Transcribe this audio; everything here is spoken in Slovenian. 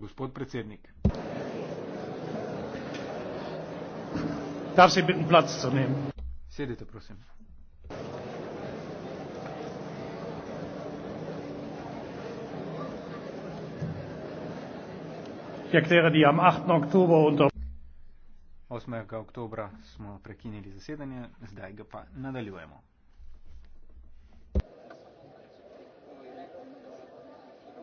Gospod predsednik. Darf ich bitten, Platz zu nehmen? Sedite, prosim. Ich erkläre die am 8. Oktober unter. 8. Oktober smo prekinili zasedanje, zdaj ga pa nadaljujemo.